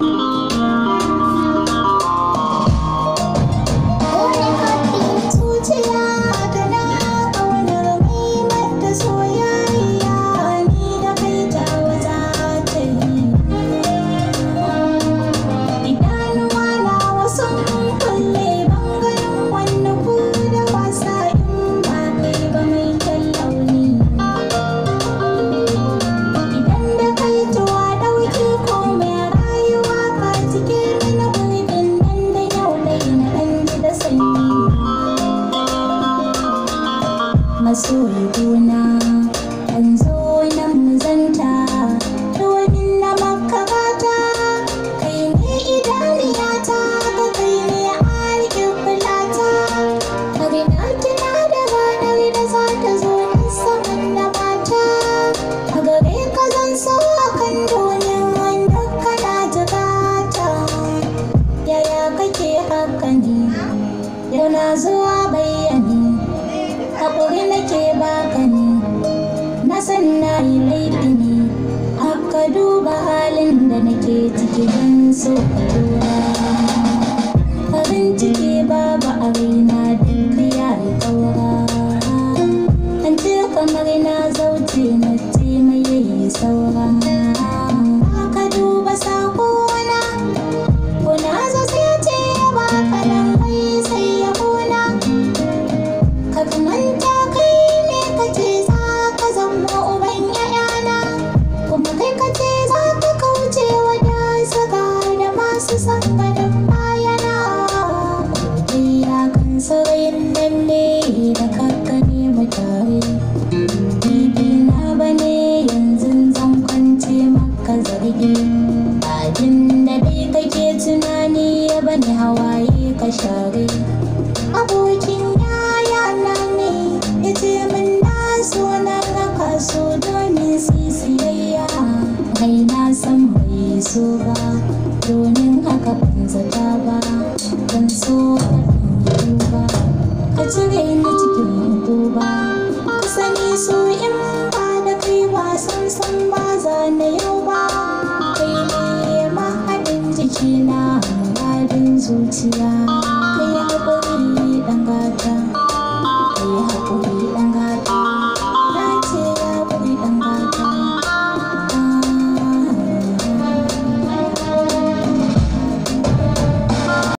Música so gona kan zo na muzanta domin na makabata kai ne ta ka kai ne alƙin fulata ka na tuna da ranar da za ta zo na saman na mata a gare ka zan so kan domin wanda kana jigata yaya kake haka ne yana zuwa bai haƙuri nake baka ne na san na yi laifi ne haka duba halin da nake ciki don so farin ciki babu a na duk ya yi ƙaura an ce kamar saurayin nan ne da kaka ne mu tare bibi na bane yanzu zan kwance maka zargi abin da dai kake tunani ya bane hawaye ka share abokin yaya na ne ya ce min na so na raka so domin sisiyayya kai na san bai so ba domin haka ban zata ba ban so cire ni cikin duba sani so in ba da kai wasan san baza na yau ba kai ne mahaɗin jikina marin zuciya